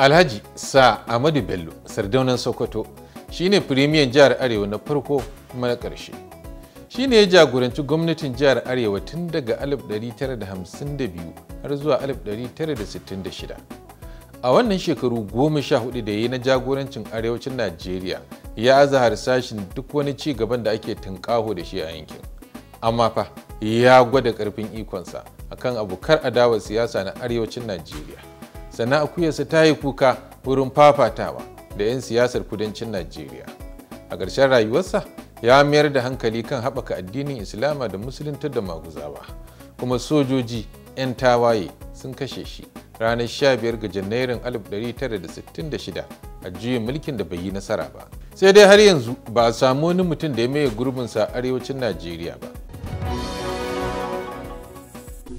alhaji sa amadu bello sardaunan sokoto shine firimiyan jihar arewa na farko kuma na ƙarshe shi ne ya jagoranci gwamnatin jihar arewa tun daga 1952 har zuwa 1966 a wannan shekaru goma sha hudu da ya yi na jagorancin arewacin najeriya ya aza harsashin duk wani ci gaban da ake tunƙaho da shi a yankin amma fa ya gwada karfin ikonsa akan abokar adawar siyasa na arewacin najeriya sannan akuyarsa ta yi kuka wurin fafatawa da 'yan siyasar kudancin najeriya a ƙarshen rayuwarsa ya mayar da hankali kan haɓaka addinin islama da musuluntar da maguzawa kuma sojoji 'yan tawaye sun kashe shi ranar 15 ga janairun 1966 a juyin mulkin da bai yi nasara ba sai dai har yanzu ba a samu wani mutum da ya maye gurbinsa a arewacin najeriya ba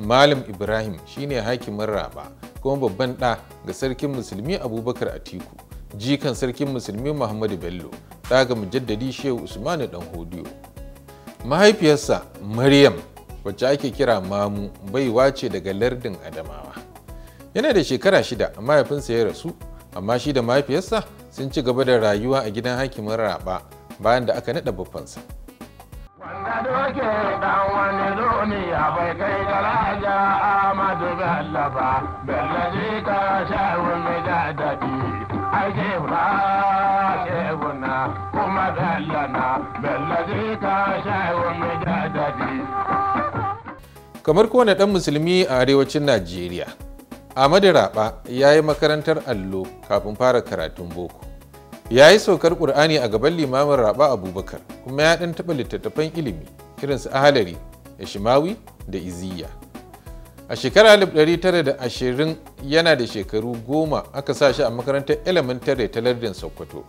Malam Ibrahim shine hakimin Raba kuma babban ɗa ga sarkin musulmi Abubakar Atiku, jikan sarkin musulmi Muhammadu Bello, ɗa ga mujaddadi Shehu Usmanu Dan Hodiyo. Mahaifiyarsa Maryam wacce ake kira Mamu baiwa ce daga lardin Adamawa. Yana da shekara shida mahaifinsa ya rasu, amma shi da mahaifiyarsa sun ci gaba da rayuwa a gidan hakimin Raba bayan da aka naɗa babbansa. doke dan wani duniya bai kai daraja amadu bello ba bello ji da dadi ake ba sheguna kuma bello na bello ji ka da dadi kamar kowane ɗan musulmi a arewacin najeriya amadu raba ya yi makarantar allo kafin fara karatun boko ya yi saukar ƙur'ani a gaban limamin raba abubakar kuma ya ɗan taɓa littattafan ilimi irinsu ahalari da shimawi da iziya a shekarar 1920 yana da shekaru goma aka sa shi a makarantar elementary ta lardin sokoto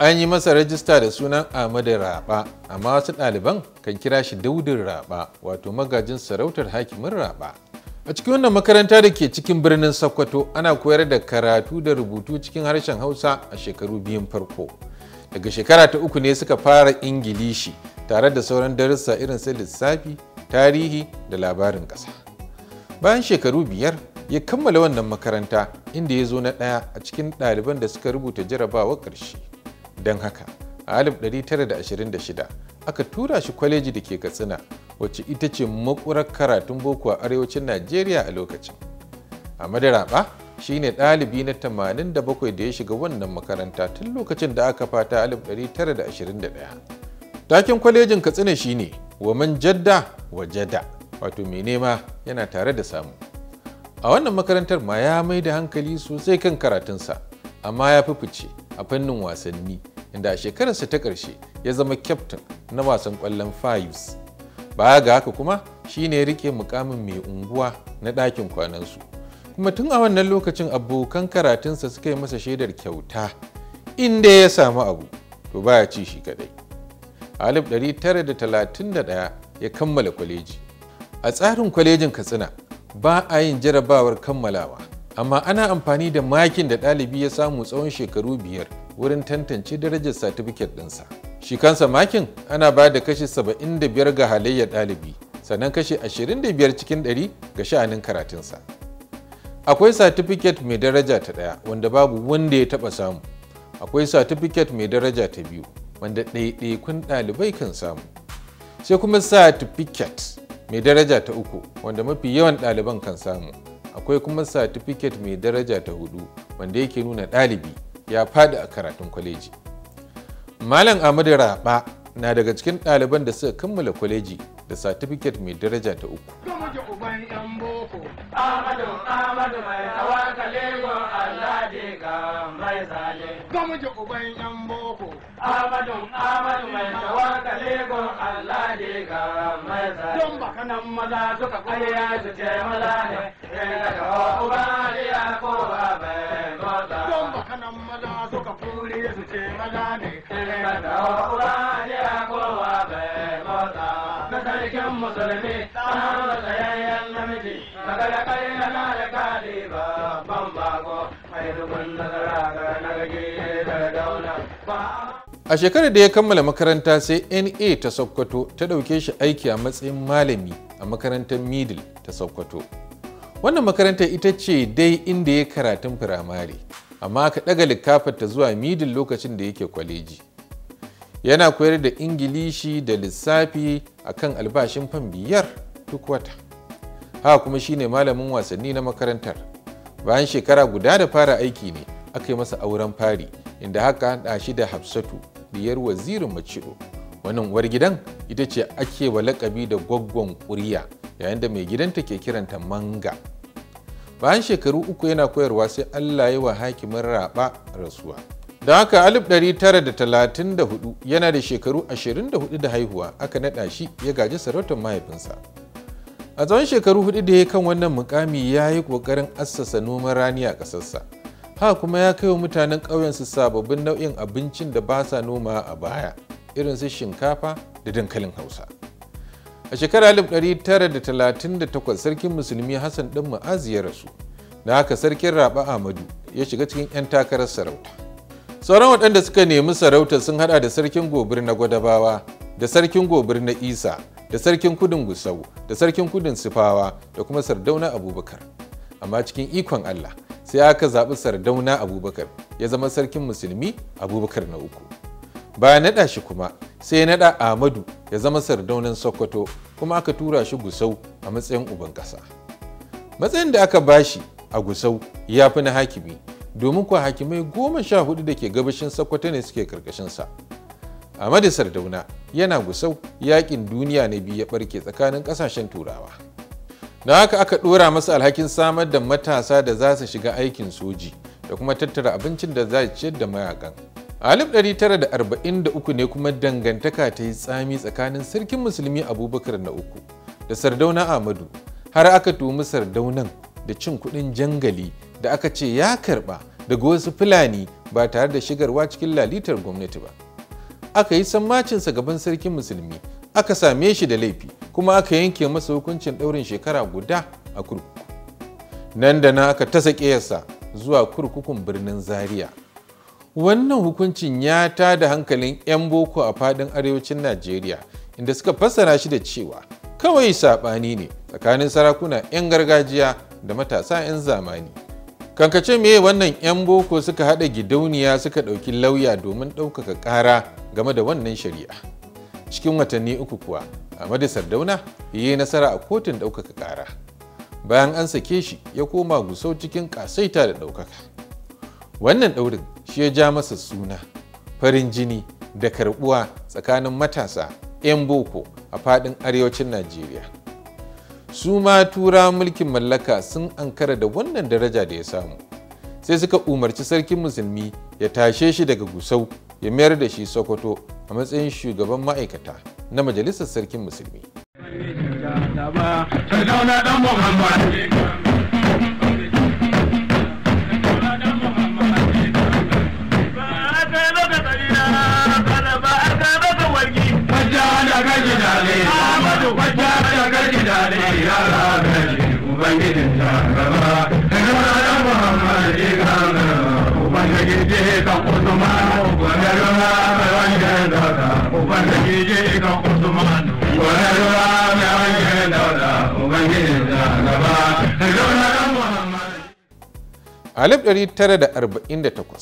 an yi masa rajista da sunan ahmadu raba amma wasu ɗaliban kan kira shi daudin raba wato magajin sarautar hakimin raba A cikin wannan makaranta da ke cikin birnin Sokoto ana koyar da karatu da rubutu cikin harshen Hausa a shekaru biyun farko. Daga shekara ta uku ne suka fara Ingilishi tare da sauran darussa irin su lissafi, tarihi da labarin ƙasa. Bayan shekaru biyar ya kammala wannan makaranta inda ya zo na ɗaya a cikin ɗaliban da suka rubuta jarabawar ƙarshe. Don haka, a 1926 aka tura shi kwaleji da ke Katsina wacce ita ce makurar karatun boko a arewacin najeriya a lokacin a madaraba shine ɗalibi na 87 da ya shiga wannan makaranta tun lokacin da aka fata 1921 takin kwalejin katsina shine wa man jadda wa jada wato mai nema yana tare da samu a wannan makarantar ma ya mai da hankali sosai kan karatunsa amma ya fi fice a fannin wasanni inda a shekararsa ta ƙarshe ya zama kyaftin na wasan ƙwallon fayus baya ga haka kuma shine rike mukamin mai unguwa na ɗakin kwanansu kuma tun a wannan lokacin abokan karatunsa suka yi masa shaidar kyauta inda ya samu abu to baya ci shi kadai a 1931 ya kammala kwaleji a tsarin kwalejin katsina ba a yin jarabawar kammalawa amma ana amfani da makin da ɗalibi ya samu tsawon shekaru biyar wurin tantance darajar satifiket ɗinsa. shi kansa makin ana ba da kashi 75 ga halayyar ɗalibi sannan kashi 25 cikin 100 ga sha'anin karatunsa akwai satifiket mai daraja ta ɗaya wanda babu wanda ya taɓa samu akwai satifiket mai daraja ta biyu wanda ɗaiɗaikun ɗalibai kan samu sai kuma satifiket mai daraja ta uku wanda mafi yawan ɗaliban kan samu akwai kuma satifiket mai daraja ta hudu wanda yake nuna ɗalibi ya faɗi a karatun kwaleji. Malam Amadu Raba na daga cikin ɗaliban da suka kammala kwaleji da satifiket mai daraja ta uku. Don musulmi A shekarar da ya kammala makaranta sai NA ta Sokoto ta ɗauke shi aiki a matsayin malami a makarantar Middle ta Sokoto. Wannan makarantar ita ce dai inda ya karatun firamare, amma aka ɗaga likafarta zuwa Middle lokacin da yake kwaleji. yana koyar da ingilishi da lissafi a kan albashin fan biyar duk wata haka kuma shine malamin wasanni na makarantar bayan shekara guda da fara aiki ne aka yi masa auren fari inda haka haɗa shi da hafsatu diyar wazirin macido wannan uwar gidan ita ce ake wa lakabi da gwaggon kuriya yayin da mai gidanta ke kiranta manga bayan shekaru uku yana koyarwa sai allah ya wa hakimin raɓa rasuwa da haka 1934 yana da shekaru 24 da haihuwa aka naɗa shi ya gaji sarautar mahaifinsa a tsawon shekaru hudu da ya kan wannan mukami ya yi ƙoƙarin assasa noman rani a ƙasarsa ha kuma ya kai wa mutanen ƙauyensu sababbin nau'in abincin da ba sa noma a baya irin su shinkafa da dankalin hausa a shekarar 1938 sarkin musulmi hassan ɗan ma'azi ya rasu na haka sarkin raɓa ahmadu ya shiga cikin 'yan takarar sarauta sauran waɗanda suka nemi sarauta sun hada da sarkin gobir na gwadabawa da sarkin gobir na isa da sarkin kudin gusau da sarkin kudin sifawa da kuma sardauna abubakar amma cikin ikon allah sai aka zaɓi sardauna abubakar ya zama sarkin musulmi abubakar na uku bayan naɗa shi kuma sai ya naɗa Amadu ya zama sardaunan sokoto kuma aka tura shi gusau a matsayin uban ƙasa matsayin da aka bashi a gusau ya fi na hakimi domin kuwa hakimai goma sha hudu da ke gabashin sokoto ne suke karkashinsa amadu sardauna yana gusau yakin duniya na biyu ya barke tsakanin kasashen turawa na haka aka ɗora masa alhakin samar da matasa da za su shiga aikin soji da kuma tattara abincin da za ciyar da mayakan a 1943 ne kuma dangantaka ta yi tsami tsakanin sarkin musulmi abubakar na uku da sardauna amadu har aka tumi sardaunan da cin kuɗin jangali da aka ce ya karba daga wasu fulani ba tare da shigarwa cikin lalitar gwamnati ba aka yi sammacinsa gaban sarkin musulmi aka same shi da laifi kuma aka yanke masa hukuncin ɗaurin shekara guda a kurkuku nan da na aka tasa ƙeyarsa zuwa kurkukun birnin zaria wannan hukuncin ya ta da hankalin 'yan boko a faɗin arewacin najeriya inda suka fassara shi da cewa kawai saɓani ne tsakanin sarakuna 'yan gargajiya da matasa 'yan zamani kankace me wannan 'yan boko suka haɗa gidauniya suka ɗauki lauya domin ɗaukaka ƙara game da wannan shari'a cikin watanni uku kuwa Amadu sardauna ya yi nasara a kotun ɗaukaka ƙara bayan an sake shi ya koma gusau cikin ƙasaita da ɗaukaka wannan ɗaurin shi ya ja masa suna farin jini da karɓuwa tsakanin matasa 'yan boko a faɗin arewacin najeriya su ma tura mulkin mallaka sun ankara da wannan daraja da ya samu sai suka umarci sarkin musulmi ya tashe shi daga gusau ya mayar da shi sokoto a matsayin shugaban ma'aikata na majalisar sarkin musulmi Ahmadu a ne 1948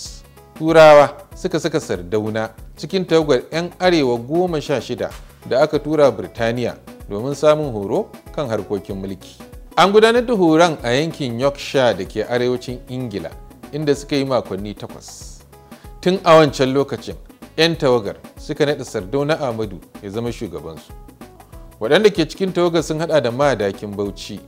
turawa suka saka sardauna cikin tawagar 'yan arewa goma sha shida da aka tura Birtaniya domin samun horo kan harkokin mulki. An gudanar da horon a yankin Yorkshire da ke arewacin Ingila inda suka yi makonni takwas. Tun a wancan lokacin, 'yan tawagar suka naɗa Sardauna Ahmadu ya zama shugabansu. Waɗanda ke cikin tawagar sun haɗa da madakin Bauchi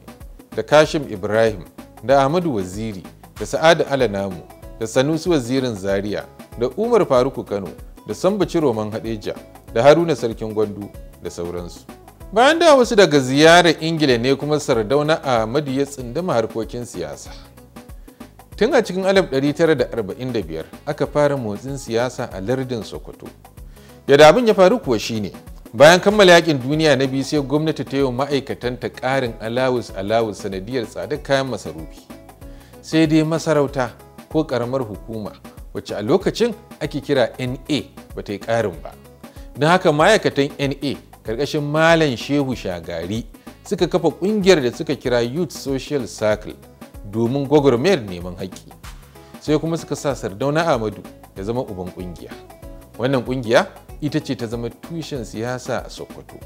da Kashim Ibrahim da Ahmadu Waziri da Sa'adu Alanamu da Sanusi Wazirin Zaria da Umar Faruku Kano da Sambaci Roman Hadeja da haruna sarkin gwandu da sauransu bayan da wasu daga ziyarar ingila ne kuma sardauna ahmadu ya tsindama harkokin siyasa tun a cikin 1945 aka fara motsin siyasa a lardin sokoto yadda abin ya faru kuwa shine bayan kammala yakin duniya na biyu sai gwamnati ta yi wa ma'aikatanta ƙarin alawus alawus sanadiyar tsadar kayan masarufi sai dai masarauta ko ƙaramar hukuma wacce a lokacin ake kira na ba ta yi ƙarin ba Na haka ma'aikatan na karkashin malam shehu shagari suka kafa ƙungiyar da suka kira youth social circle domin gwagwarmayar neman haƙƙi sai kuma suka sa sardauna amadu ya zama uban ƙungiya wannan ƙungiya ita ce ta zama tushen siyasa a sokoto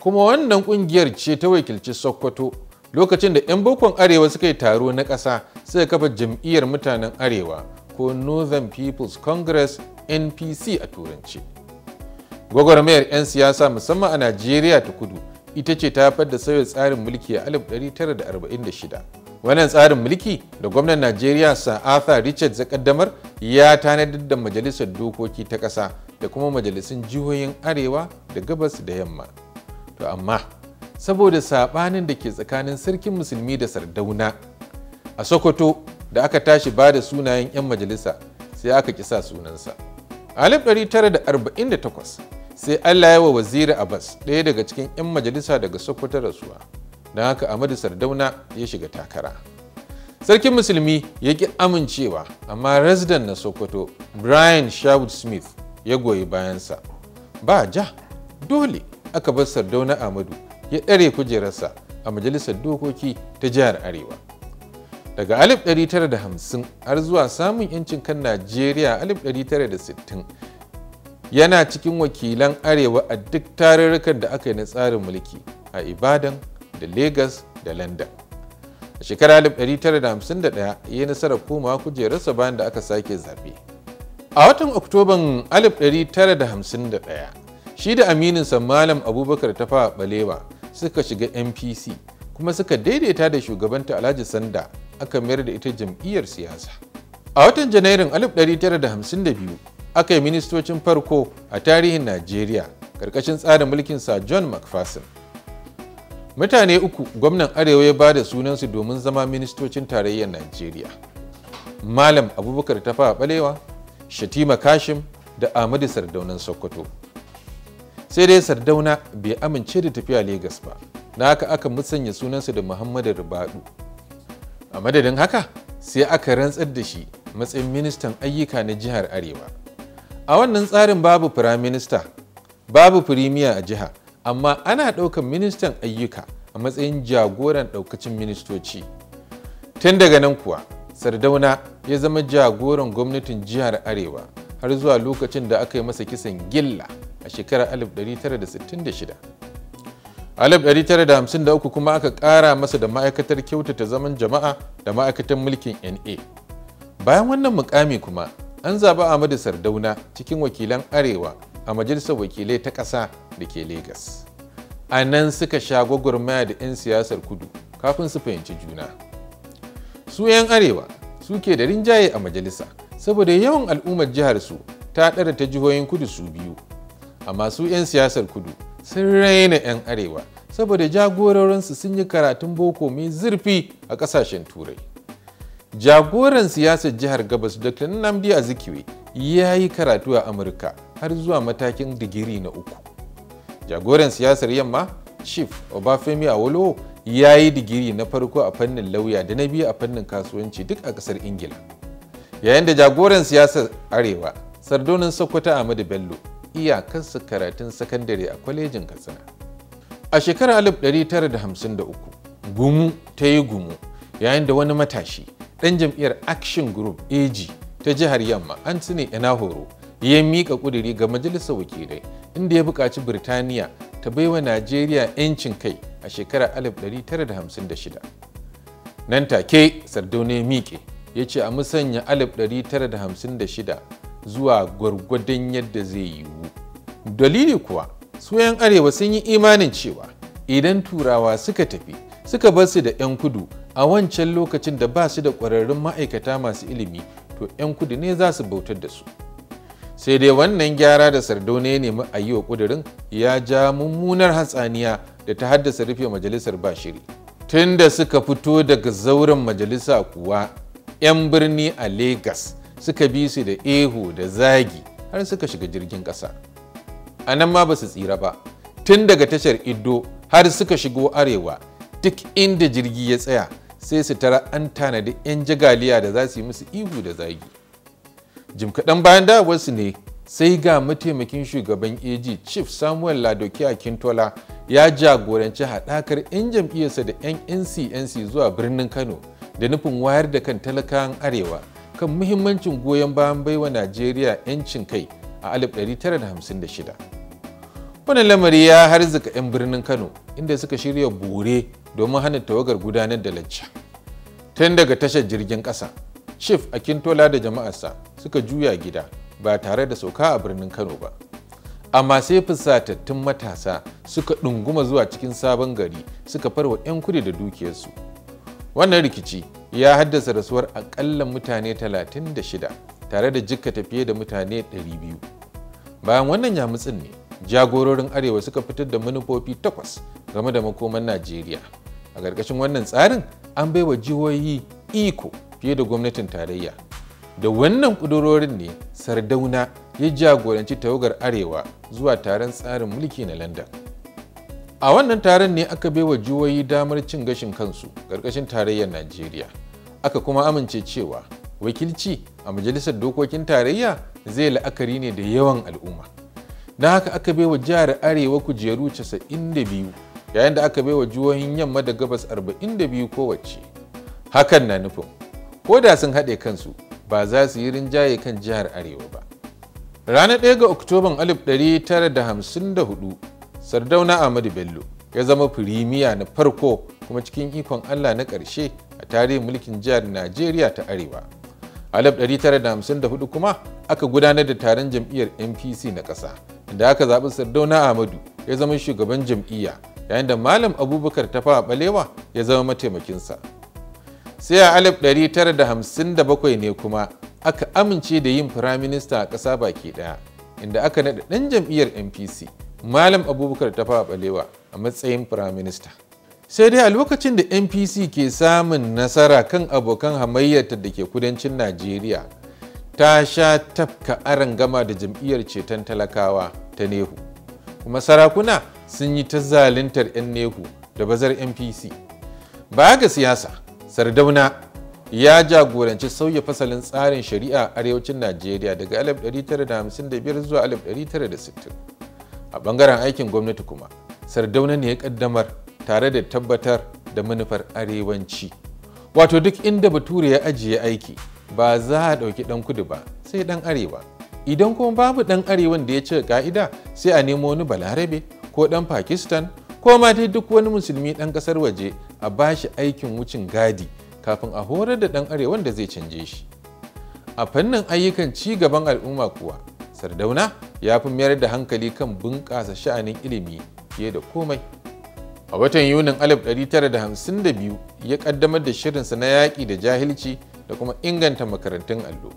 kuma wannan ƙungiyar ce ta wakilci sokoto lokacin da 'yan bokon arewa suka yi taro na ƙasa suka kafa jam'iyyar mutanen arewa ko northern people's congress npc a turanci gwagwarmayar 'yan siyasa musamman a najeriya ta kudu ita ce ta haifar da sauya tsarin mulki a 1946 wannan tsarin mulki da gwamnan najeriya sir arthur richard ƙaddamar ya tanadar da majalisar dokoki ta ƙasa da kuma majalisun jihohin arewa da gabas da yamma to amma saboda saɓanin da ke tsakanin sarkin musulmi da sardauna a sokoto da aka tashi ba da sunayen 'yan majalisa sai aka kisa sunansa a 1948 sai allah ya wa waziri abbas ɗaya daga cikin 'yan majalisa daga sokoto rasuwa don haka amadu sardauna ya shiga takara sarkin musulmi ya ƙi amincewa amma resident na sokoto brian sherwood smith ya goyi bayansa ba ja dole aka bar sardauna amadu ya ɗare kujerarsa a majalisar dokoki ta jihar arewa daga 1950 har zuwa samun 'yancin kan najeriya 1960 yana cikin wakilan arewa a duk tarurrukan da aka yi na tsarin mulki a ibadan da lagos da london a shekarar 1951 ya yi nasarar komawa kujerarsa bayan da aka sake zaɓe a watan oktoban 1951 shi da amininsa malam abubakar ta tafa balewa suka shiga npc kuma suka daidaita da shugabanta alhaji sanda aka mayar da ita jam'iyyar siyasa a watan janairun 1952 aka yi ministocin farko a tarihin Najeriya ƙarƙashin tsarin mulkin sa John McPherson. Mutane uku gwamnan Arewa ya ba da sunansu domin zama ministocin tarayyar Najeriya. Malam Abubakar Tafa Balewa, Shatima Kashim da Ahmadu Sardaunan Sokoto. Sai dai Sardauna bai amince da tafiya Legas ba, na haka aka musanya sunansa da Muhammadu Rubadu. A madadin haka, sai aka rantsar da shi matsayin ministan ayyuka na jihar Arewa. a wannan tsarin babu firaminista babu firimiya a jiha amma ana ɗaukar ministan ayyuka a matsayin jagoran ɗaukacin ministoci tun daga nan kuwa sardauna ya zama jagoran gwamnatin jihar arewa har zuwa lokacin da aka yi masa kisan gilla a shekarar 1966 1953 kuma aka ƙara masa da ma'aikatar kyautata zaman jama'a da ma'aikatar mulkin na bayan wannan mukami kuma an zaɓi Ahmadu Sardauna cikin wakilan Arewa a Majalisar Wakilai ta ƙasa da ke Legas. A nan suka sha gwagwarmaya da 'yan siyasar kudu kafin su fahimci juna. Su 'yan Arewa su ke da rinjaye a majalisa saboda yawan al'ummar jihar su ta ɗara ta jihohin kudu su biyu. Amma su 'yan siyasar kudu sun raina 'yan Arewa saboda jagororinsu sun yi karatun boko mai zurfi a ƙasashen Turai. jagoran siyasar jihar gabas dr nnamdi azikiwe ya yi karatu a amurka har zuwa matakin digiri na uku jagoran siyasar yamma chief obafemi Awolo, ya yi digiri na farko a fannin lauya da na biyu a fannin kasuwanci duk a kasar ingila yayin da jagoran siyasar arewa sardonin sokoto ahmadu bello iyakarsa karatun sakandare a kwalejin katsina a shekarar 1953 gumu ta yi gumu yayin da wani matashi ɗan jam'iyyar action group ag ta jihar yamma An-Sina, Ina Horo ya miƙa ƙudiri ga majalisar wakilai inda ya buƙaci birtaniya ta baiwa najeriya 'yancin kai a shekarar 1956 nan take sardaune miƙe ya ce a musanya 1956 zuwa gwargwadon yadda zai yiwu dalili kuwa su 'yan arewa sun yi imanin cewa idan turawa suka tafi suka bar su da 'yan kudu a wancan lokacin da ba su da ƙwararrun ma'aikata masu ilimi to 'yan kudu ne za su bautar da su sai dai wannan gyara da sardauna ya nemi a yi wa ƙudurin ya ja mummunar hatsaniya da ta haddasa rufe majalisar bashiri tun da suka fito daga zauren majalisa kuwa 'yan birni a Legas suka bi su da ehu da zagi har suka shiga jirgin ƙasa a nan ma ba su tsira ba tun daga tashar ido har suka shigo arewa duk inda jirgi ya tsaya sai su tara an tanadi 'yan jagaliya da za su yi musu ihu da zagi jim kaɗan bayan dawarsu ne sai ga mataimakin shugaban ag chief samuel ladokiya kintola ya jagoranci haɗakar 'yan jam'iyyarsa da 'yan ncnc zuwa birnin kano da nufin wayar da kan talakawan arewa kan muhimmancin goyon bayan baiwa najeriya 'yancin kai a 1956 wannan lamari ya harzika 'yan birnin kano inda suka shirya bore domin hana tawagar gudanar da lacca tun daga tashar jirgin ƙasa shif akintola da jama'arsa suka juya gida ba tare da sauka a birnin kano ba amma sai fusatattun matasa suka ɗunguma zuwa cikin sabon gari suka farwa 'yan kudi da dukiyarsu wannan rikici ya haddasa rasuwar akalla mutane 36 tare da jikkata fiye da mutane 200 bayan wannan yamutsin ne jagororin arewa suka fitar da manufofi takwas game da makoman najeriya a ƙarƙashin wannan tsarin an baiwa jihohi iko fiye da gwamnatin tarayya da wannan ƙudurorin ne sardauna ya jagoranci tawagar arewa zuwa taron tsarin mulki na london a wannan taron ne aka baiwa jihohi damar cin gashin kansu ƙarƙashin tarayyar najeriya aka kuma amince cewa wakilci a majalisar dokokin tarayya zai la'akari ne da yawan al'umma Na haka aka baiwa jihar arewa kujeru 92 yayin da aka baiwa jihohin yamma da gabas 42 kowace hakan na nufin ko da sun haɗe kansu ba za su yi rinjaye kan jihar arewa ba ranar 1 ga oktoban 1954 sardauna ahmadu bello ya zama firimiya na farko kuma cikin ikon allah na ƙarshe a tarihin mulkin jihar najeriya ta arewa 1954 kuma aka gudanar da taron jam'iyyar npc na ƙasa da aka zaɓi sardauna ahmadu ya zama shugaban jam'iyya yayin da malam abubakar ta fara balewa ya zama mataimakinsa sai a 1957 ne kuma aka amince da yin firaminista a ƙasa baki ɗaya inda aka naɗa ɗan jam'iyyar npc malam abubakar ta fara balewa a matsayin firaminista sai dai a lokacin da npc ke samun nasara kan abokan hamayyarta da ke kudancin najeriya ta sha tafka aron gama da jam'iyyar ceton talakawa ta nehu kuma sarakuna sun yi ta zalintar 'yan nehu da bazar mpc baya ga siyasa sardauna ya jagoranci sauya fasalin tsarin shari'a a arewacin najeriya daga 1955 zuwa 1960 a bangaren aikin gwamnati kuma sardauna ne ya kaddamar tare da tabbatar da manufar arewanci wato duk inda bature ya ajiye aiki ba za a ɗauki ɗan kudu ba sai ɗan arewa idan kuma babu ɗan arewan da ya ce ka'ida sai a nemo wani balarabe ko ɗan pakistan ko ma dai duk wani musulmi ɗan ƙasar waje a bashi aikin wucin gadi kafin a horar da ɗan arewan da zai canje shi a fannin ayyukan ci gaban al'umma kuwa sardauna ya fi mayar da hankali kan bunƙasa sha'anin ilimi fiye da komai a watan yunin 1952 ya ƙaddamar da shirinsa na yaƙi da jahilci da kuma inganta makarantun allo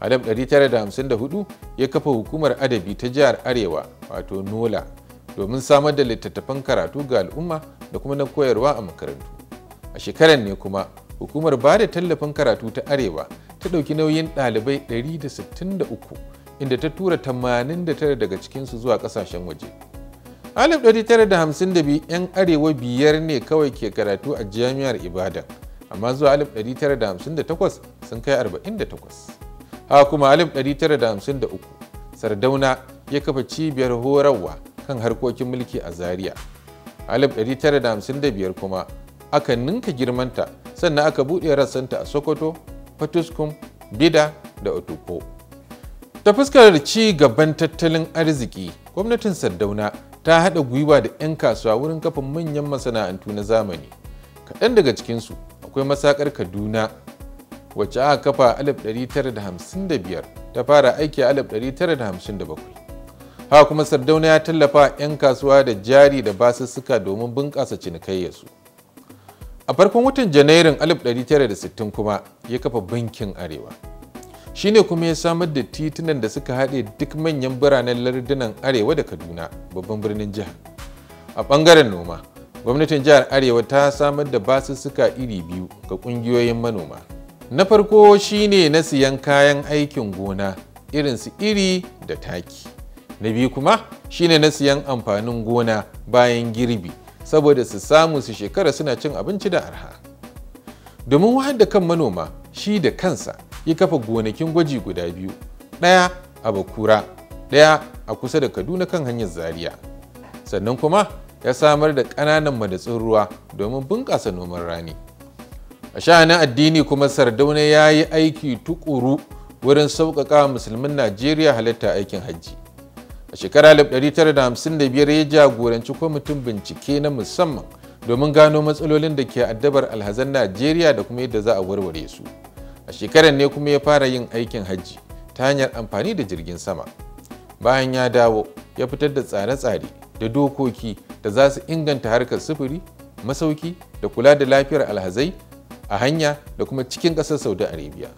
a 1954 ya kafa hukumar adabi ta jihar arewa wato nola domin samar da littattafan karatu ga al'umma da kuma na koyarwa a makarantu a shekarar ne kuma hukumar ba da tallafin karatu ta arewa ta ɗauki nauyin ɗalibai 163 inda ta tura 89 daga cikinsu zuwa ƙasashen waje 1952 'yan arewa biyar ne kawai ke karatu a jami'ar ibadan amma zuwa 1958 sun kai 48 haka kuma 1953 sardauna ya kafa cibiyar horarwa kan harkokin mulki a Zaria. 1955 kuma aka ninka girmanta sannan aka buɗe rassanta a Sokoto, Fatuskum, Bida da Otuko. Ta fuskar ci gaban tattalin arziki, gwamnatin Sardauna ta haɗa gwiwa da 'yan kasuwa wurin kafa manyan masana'antu na zamani. Kaɗan daga cikinsu akwai masakar Kaduna wacce aka kafa 1955 ta fara aiki a 1957. haka kuma sardauna ya tallafa 'yan kasuwa da jari da basussuka domin bunƙasa cinikayyarsu a farkon watan janairun 1960 kuma ya kafa bankin arewa shine kuma ya samar da titunan da suka haɗe duk manyan biranen lardunan arewa da kaduna babban birnin jihar a ɓangaren noma gwamnatin jihar arewa ta samar da basussuka iri biyu ga ƙungiyoyin manoma na farko shine na siyan kayan aikin gona irinsu iri da taki na biyu kuma shine na siyan amfanin gona bayan girbi saboda su samu su shekara suna cin abinci da arha domin wahar da kan manoma shi da kansa ya kafa gonakin gwaji guda biyu ɗaya a bakura ɗaya a kusa da kaduna kan hanyar zaria sannan kuma ya samar da ƙananan madatsun ruwa domin bunƙasa noman rani a sha'anin addini kuma sardauna ya yi aiki tukuru wurin sauƙaƙa musulmin najeriya halitta aikin hajji a shekarar 1955 ya jagoranci kwamitin bincike na musamman domin gano matsalolin da ke addabar alhazan najeriya da kuma yadda za a warware su a shekarar ne kuma ya fara yin aikin hajji ta hanyar amfani da jirgin sama bayan ya dawo ya fitar da tsare-tsare da dokoki da za su inganta harkar sufuri masauki da kula da lafiyar alhazai a hanya da kuma cikin ƙasar saudi arabia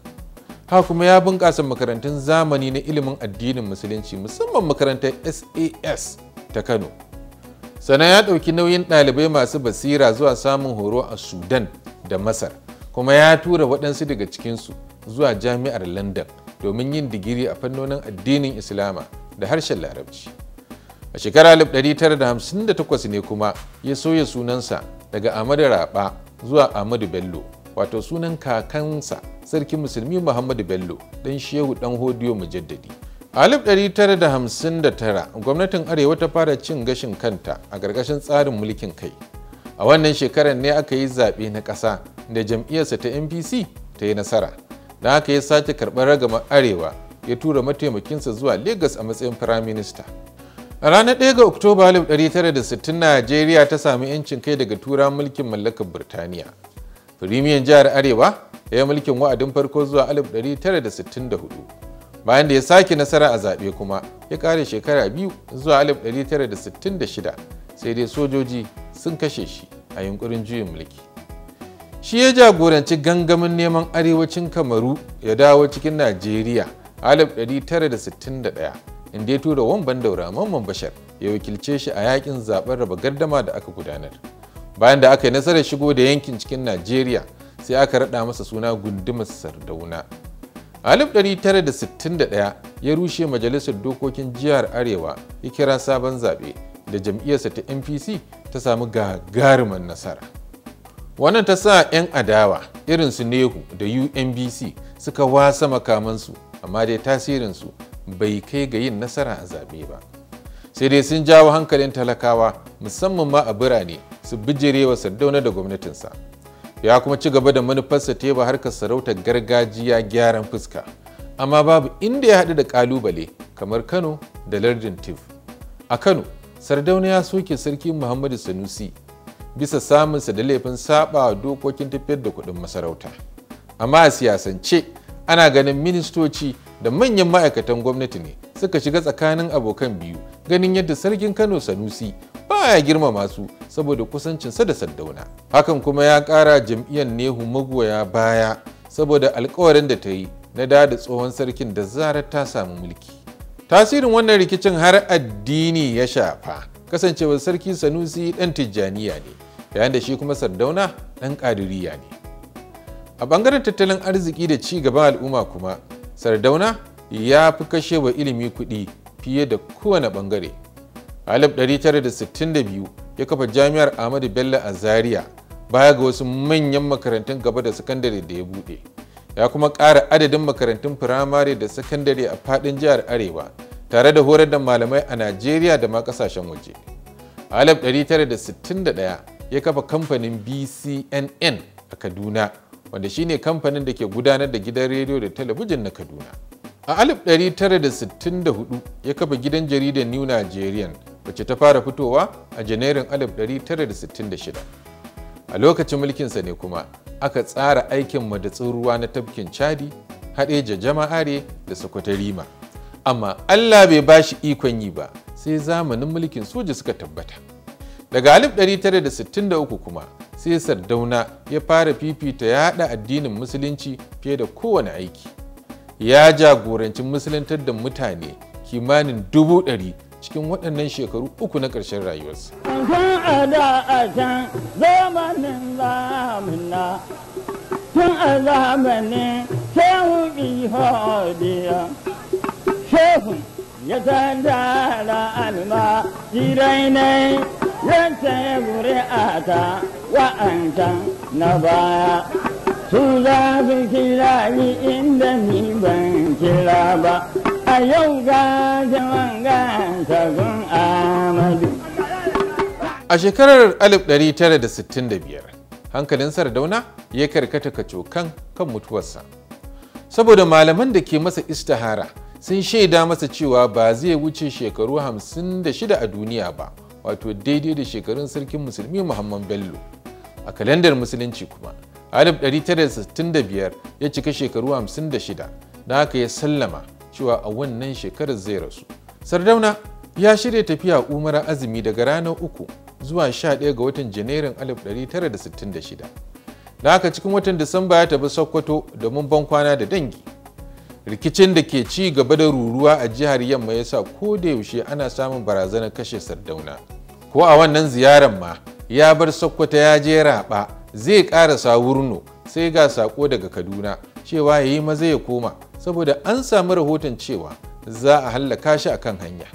haka kuma ya bunƙasa makarantun zamani na ilimin addinin musulunci musamman makarantar sas ta kano Sana ya ɗauki nauyin ɗalibai masu basira zuwa samun horo a sudan da masar kuma ya tura waɗansu daga cikinsu zuwa jami'ar london domin yin digiri a fannonin addinin islama da harshen larabci a shekarar 1958 ne kuma ya soya sunansa daga amadu raba zuwa amadu bello wato sunan kakansa Sarkin musulmi muhammadu bello dan shehu dan hodiyo mujaddadi a 1959 gwamnatin arewa ta fara cin gashin kanta a ƙarƙashin tsarin mulkin kai a wannan shekarar ne aka yi zaɓe na ƙasa da jam'iyyarsa ta npc ta yi nasara da aka yi sake karɓar ragamar arewa ya tura mataimakinsa zuwa Legas a matsayin firaminista a ranar 1 ga oktoba 1960 najeriya ta sami 'yancin kai daga tura mulkin mallakar birtaniya firimiyan jihar arewa ya yi mulkin wa'adin farko zuwa 1964 bayan da ya sake nasara a zaɓe kuma ya ƙare shekara biyu zuwa 1966 sai dai sojoji sun kashe shi a yunkurin juyin mulki shi ya jagoranci gangamin neman arewacin kamaru ya dawo cikin najeriya a 1961 inda ya tura wamban daura mamman bashar ya wakilce shi a yakin zaben raba gardama da aka gudanar bayan da aka yi nasarar shigo da yankin cikin najeriya sai aka raɗa masa suna gundumar sardauna a 1961 ya rushe majalisar dokokin jihar arewa ya kira sabon zaɓe da jam'iyyarsa ta npc ta samu gagarumin nasara wannan ta sa 'yan adawa irin su nehu da unbc suka wasa makamansu amma dai tasirinsu bai kai ga yin nasara a zaɓe ba sai dai sun jawo hankalin talakawa musamman ma a birane su bijirewa sardauna da gwamnatinsa ya kuma ci gaba da manufarsa ta yaba harkar sarautar gargajiya gyaran fuska amma babu inda ya haɗu da ƙalubale kamar kano da lardin tif a kano sardauna ya soke sarki muhammadu sanusi bisa samunsa da laifin saba dokokin tafiyar da kuɗin masarauta amma a siyasance ana ganin ministoci da manyan ma'aikatan gwamnati ne suka shiga tsakanin abokan biyu ganin yadda sarkin kano sanusi baya girmama su saboda kusancinsa da sardauna hakan kuma ya kara jam'iyyar nehu magoya baya saboda alkawarin da ta yi na da tsohon sarkin da zarar ta samu mulki tasirin wannan rikicin har addini ya shafa kasancewar sarki sanusi dan tijjaniya ne yayin da shi kuma sardauna dan kadiriya ne a bangaren tattalin arziki da ci gaban al'umma kuma sardauna ya fi kashe wa ilimi kuɗi fiye da kowane ɓangare. a 1962 ya kafa jami'ar ahmadu bello a zaria baya ga wasu manyan makarantun gaba da sakandare da ya buɗe ya kuma ƙara adadin makarantun firamare da sakandare a faɗin jihar arewa tare da horar da malamai a najeriya da ma ƙasashen waje a 1961 ya kafa kamfanin bcnn a kaduna wanda ne kamfanin da ke gudanar da gidan rediyo da talabijin na Kaduna. A 1964 ya kafa gidan jaridar New Nigerian wacce ta fara fitowa a Janairun 1966. A lokacin mulkinsa ne kuma aka tsara aikin madatsin ruwa na tafkin Chadi, haɗeja jama'are da Sokotarima. Amma Allah bai bashi ikon yi ba sai zamanin mulkin soja suka tabbata. daga 1963 kuma sai sardauna ya fara fifita ya haɗa addinin musulunci fiye da kowane aiki ya jagoranci musuluntar da mutane kimanin dubu ɗari cikin waɗannan shekaru uku na ƙarshen rayuwarsa. Tun a zamanin ya san dara alma jirai ne ya saya ta wa'ancan na baya su za su kira ni inda ni ban kira ba a yau ga jaman gantagun amadu a shekarar 1965 hankalin sardauna ya karkata kacokan kan mutuwarsa saboda malaman da ke masa istihara sun shaida masa cewa ba zai wuce shekaru 56 a duniya ba wato daidai da shekarun sarkin musulmi muhammad bello a kalandar musulunci kuma 1965 ya cika shekaru 56 na haka ya sallama cewa a wannan shekarar zai rasu sardauna ya shirya tafiya Umar azumi daga ranar uku zuwa 11 ga watan janairun 1966 da haka cikin watan disamba ya tafi sokoto domin ban kwana da dangi rikicin da ke ci gaba da ruruwa a jihar yamma ya sa ko da yaushe ana samun barazanar kashe sardauna ko a wannan ziyarar ma ya bar sokoto ya je Ra'ba zai ƙara wurno sai ga sako daga kaduna cewa ya yi maza ya koma saboda an samu rahoton cewa za a hallaka shi a kan hanya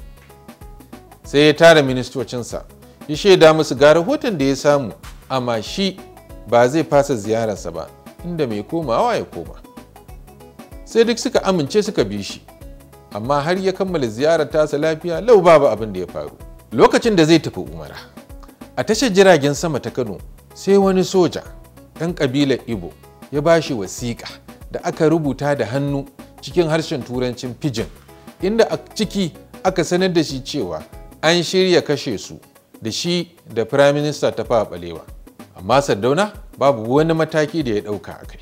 sai ya tara ministocinsa ya shaida musu ga rahoton da ya samu amma shi ba zai fasa ziyararsa ba inda mai komawa ya koma. sai duk suka amince suka bi shi amma har ya kammala ziyarar tasa lafiya lau babu abin da ya faru lokacin da zai tafi umara a tashar jiragen sama ta kano sai wani soja ɗan ƙabilar ibo ya ba shi wasiƙa da aka rubuta da hannu cikin harshen turancin pidgin inda a ciki aka sanar da shi cewa an shirya kashe su da shi da firayim minista ta fawa balewa amma saddauna babu wani mataki da ya ɗauka a kai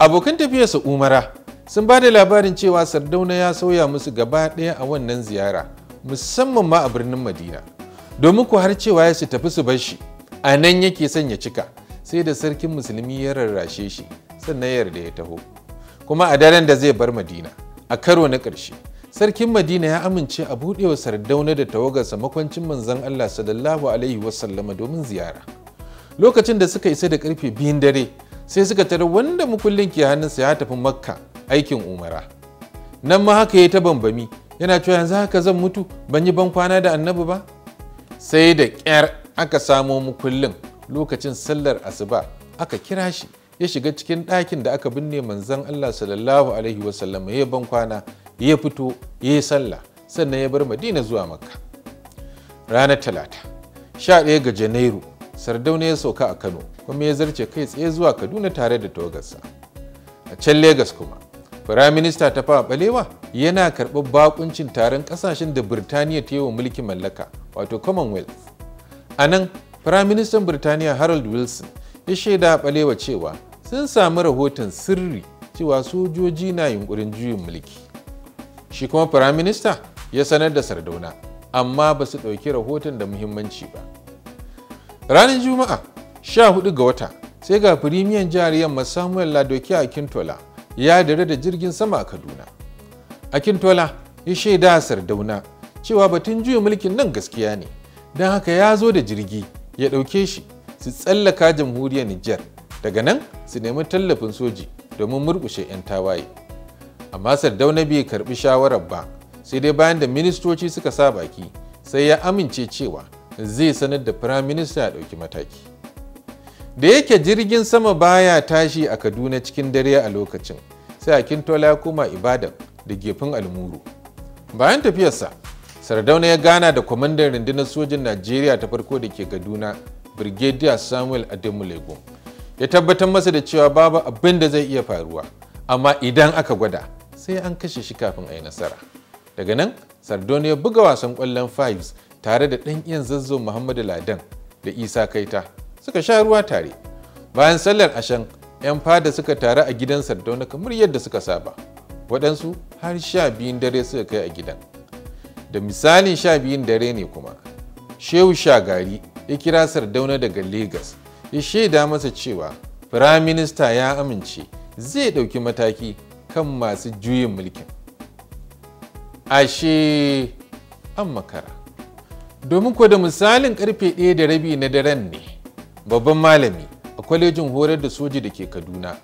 abokan tafiyarsa umara sun ba da labarin cewa sardauna ya sauya musu gaba ɗaya a wannan ziyara musamman ma a birnin madina domin ku har cewa ya su tafi su bar shi a nan yake son ya cika sai da sarkin musulmi ya rarrashe shi sannan yarda ya taho kuma a daren da zai bar madina a karo na ƙarshe sarkin madina ya amince a buɗewa sardauna da tawagarsa makwancin manzon allah sallallahu alaihi wasallama domin ziyara lokacin da suka isa da karfe biyun dare sai suka tare wanda mukullin ke hannunsa ya tafi makka aikin umara nan ma haka ya ta bambami yana cewa yanzu haka zan mutu ban yi ban kwana da annabi ba sai da ƙyar aka samo mu kullum lokacin sallar asuba aka kira shi ya shiga cikin ɗakin da aka binne manzan Allah sallallahu alaihi wasallam ya ban kwana ya fito ya sallah sannan ya bar madina zuwa makka ranar talata sha ɗaya ga janairu sardauna ya sauka a kano kuma ya zarce kai tsaye zuwa kaduna tare da togarsa a can Legas kuma Firaminista ta fawa balewa yana karɓar bakuncin taron ƙasashen da Birtaniya ta yi wa mulkin mallaka wato Commonwealth. A nan, Firaministan Birtaniya Harold Wilson ya shaida balewa cewa sun sami rahoton sirri cewa sojoji na yunkurin juyin mulki. Shi kuma Firaminista ya sanar da Sardauna, amma ba su ɗauki rahoton da muhimmanci ba. Ranar Juma'a, 14 ga wata, sai ga firimiyan jihar yamma Samuel Ladoki a Kintola ya dare da jirgin sama a kaduna akintola ya shaida a sardauna cewa batun juya mulkin nan gaskiya ne don haka ya zo da jirgi ya ɗauke shi su tsallaka jamhuriyar nijar daga nan su nemi tallafin soji domin murkushe 'yan tawaye amma sardauna bai karɓi shawarar ba sai dai bayan da ministoci suka sa baki sai ya amince cewa zai sanar da firaminista ya ɗauki mataki da yake jirgin sama baya tashi a kaduna cikin dare a lokacin sai akintola ya koma ibadan da gefen almuru bayan tafiyarsa sardauna ya gana da kwamandan rundunar sojin najeriya ta farko da ke kaduna brigadier samuel ademulego ya tabbatar masa da cewa babu abin da zai iya faruwa amma idan aka gwada sai an kashe shi kafin a yi nasara daga nan sardauna ya buga wasan kwallon fives tare da ɗan iyan zazzau muhammadu ladan da isa kaita suka sha ruwa tare bayan sallar ashen 'yan fada suka taru a gidan sardauna kamar yadda suka saba waɗansu har sha biyun dare suka kai a gidan da misalin sha biyun dare ne kuma shehu shagari ya kira sardauna daga Legas ya shaida masa cewa firaminista ya amince zai ɗauki mataki kan masu juyin mulkin ashe an makara domin kuwa da misalin karfe ɗaya da rabi na daren ne babban malami a kwalejin horar da soji da ke kaduna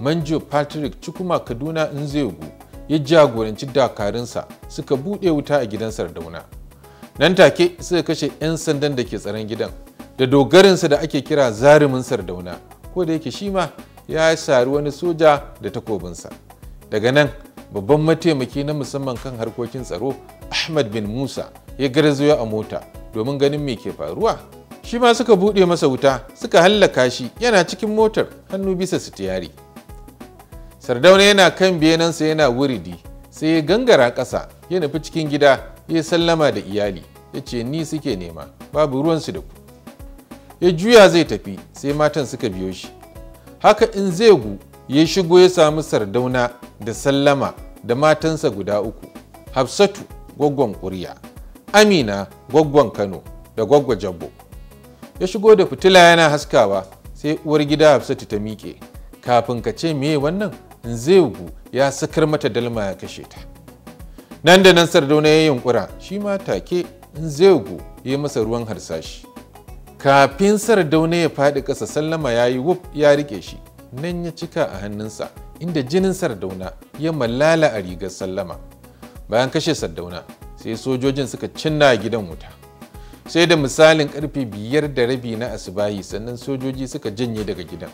manjo patrick cikuma kaduna nzegu ya jagoranci dakarunsa suka buɗe wuta a gidan sardauna nan take suka kashe 'yan sandan da ke tsaron gidan da dogarinsa da ake kira zarumin sardauna ko da yake shi ma ya sari wani soja da takobinsa daga nan babban mataimaki na musamman kan harkokin tsaro ahmad bin musa ya garzayo a mota domin ganin me ke faruwa shi ma suka buɗe masa wuta suka hallaka shi yana cikin motar hannu bisa sitiyari sardauna yana kan benansa yana wuridi sai ya gangara ƙasa ya nufi cikin gida ya sallama da iyali ya ce ni suke nema babu ruwansu da ku ya juya zai tafi sai matan suka biyo shi haka in zai gu ya shigo ya samu sardauna da sallama da matansa guda uku hafsatu gwaggon ƙuriya amina gwaggon kano da gwaggon jabbo ya shigo da fitila yana haskawa sai uwar gida hafsatu ta miƙe kafin ka ce meye wannan zegu ya sakar mata dalma ya kashe ta nan da nan sardauna ya yunkura shi ma take zegu ya masa ruwan harsashi kafin sardauna ya faɗi ƙasa sallama ya yi wuf ya riƙe shi nan ya cika a hannunsa inda jinin sardauna ya mallala a rigar sallama bayan kashe sardauna sai sojojin suka cinna gidan wuta sai da misalin karfe biyar da rabi na asibayi sannan sojoji suka janye daga gidan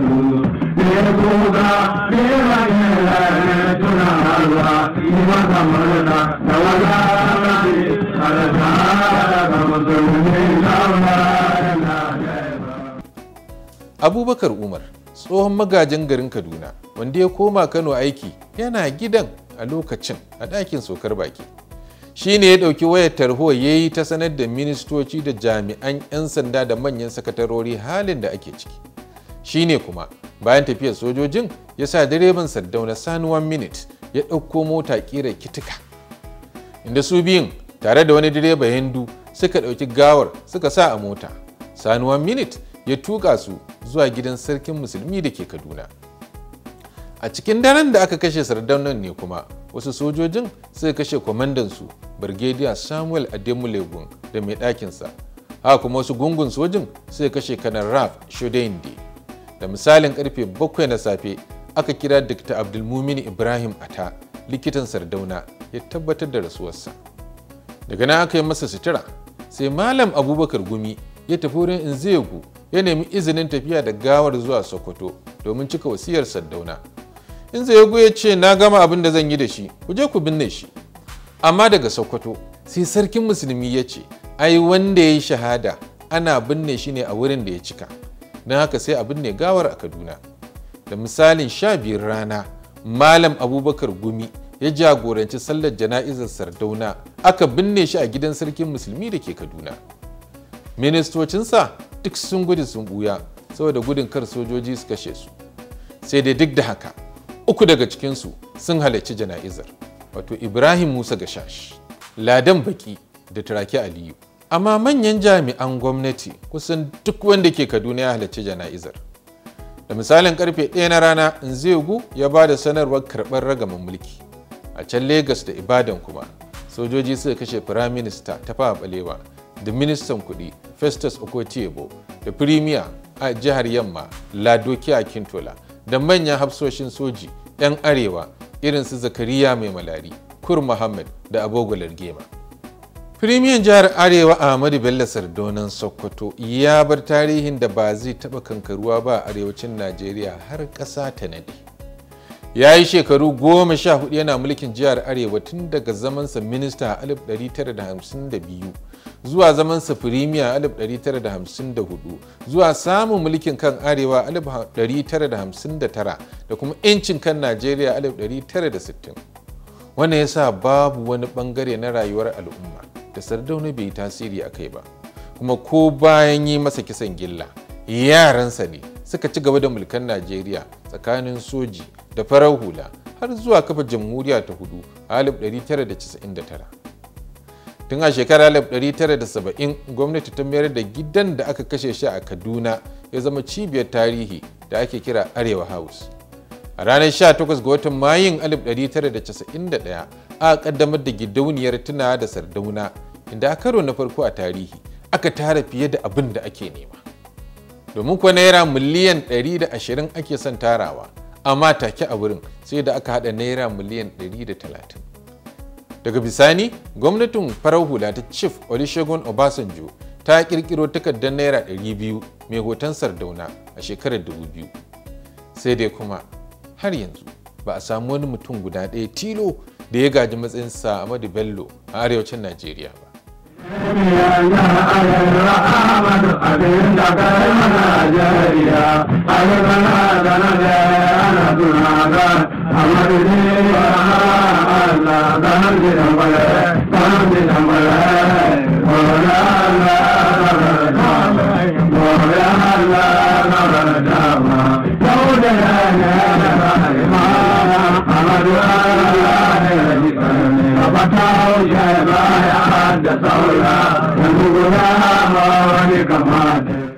Thank you. Abubakar Umar tsohon magajin garin Kaduna wanda ya koma Kano aiki yana gidan a lokacin a ɗakin sokar baki. Shi ne ya ɗauki wayar tarho ya yi ta sanar da ministoci da jami'an 'yan sanda da manyan sakatarori halin da ake ciki. Shi ne kuma bayan tafiyar sojojin ya sa direban na sanuwan minit ya ɗauko mota ƙira kitika inda su biyun tare da wani direba hindu suka ɗauki gawar suka sa a mota sanuwan minit ya tuka su zuwa gidan sarkin musulmi da ke kaduna a cikin daren da aka kashe sardaunan ne kuma wasu sojojin suka kashe kwamandansu birgediya samuel ademulegun da mai ɗakinsa haka kuma wasu gungun sojin suka kashe kanar raf shodeyinde da misalin karfe bakwai na safe aka kira Dr. Abdulmumin Ibrahim Ata likitan Sardauna ya tabbatar da rasuwarsa. Daga nan aka yi masa sutura sai Malam Abubakar Gumi ya tafi wurin Inzegu ya nemi izinin tafiya da gawar zuwa Sokoto domin cika wasiyar Sardauna. Inzegu ya ce na gama abin da zan yi da shi ku je ku binne shi. Amma daga Sokoto sai sarkin musulmi ya ce ai wanda ya yi shahada ana binne shi ne a wurin da ya cika. don haka sai abin ne gawar a kaduna da misalin sha biyar rana malam abubakar gumi ya jagoranci sallar jana'izar sardauna aka binne shi a gidan sarkin musulmi da ke kaduna ministocinsa duk sun gudu sun buya saboda gudun kar sojoji su kashe su sai dai duk da haka uku daga cikinsu sun halarci jana'izar wato ibrahim musa gashash ladan baki da turaki aliyu amma manyan jami'an gwamnati kusan duk wanda ke kaduna ya halarci jana'izar da misalin karfe 1 na rana nzegu ya ba da sanarwar karɓar ragamin mulki a can Legas da ibadan kuma sojoji suka kashe firaminista ta fawa balewa da ministan kuɗi festus okotiebo da firimiya a jihar yamma ladoki a kintola da manyan hafsoshin soji 'yan arewa irin su zakariya mai malari kur muhammad da abogolar gema firimiyan jihar arewa ahmadu bello sardonan sokoto ya bar tarihin da ba zai taba kankaruwa ba a arewacin najeriya har ƙasa ta nade ya yi shekaru goma sha hudu yana mulkin jihar arewa tun daga zamansa minista a 1952 zuwa zamansa firimiya a 1954 zuwa samun mulkin kan arewa a 1959 da kuma 'yancin kan najeriya a 1960 wannan ya sa babu wani bangare na rayuwar al'umma da sardauna bai yi tasiri a kai ba kuma ko bayan yi masa kisan gilla yaransa ne suka ci gaba da mulkan najeriya tsakanin soji da farar hula har zuwa kafa jamhuriya ta hudu a 1999 tun a shekarar 1970 gwamnati ta mayar da gidan da aka kashe shi a kaduna ya zama cibiyar tarihi da ake kira arewa house a ranar 18 ga watan mayun 1991 a kaddamar da gidauniyar tuna da sardauna inda a karo na farko a tarihi aka tara fiye da abin da ake nema domin kuwa naira miliyan 120 ake son tarawa amma take a wurin sai da aka hada naira miliyan 130 daga bisani gwamnatin farar hula ta chief olusegun obasanjo ta kirkiro takardar naira 200 mai hoton sardauna a shekarar 2000 sai dai kuma har yanzu ba a samu wani mutum guda ɗaya tilo da ya gaji matsayinsa Amadu Bello a arewacin Najeriya ba. Allah Atao jai daay han de souly, Naili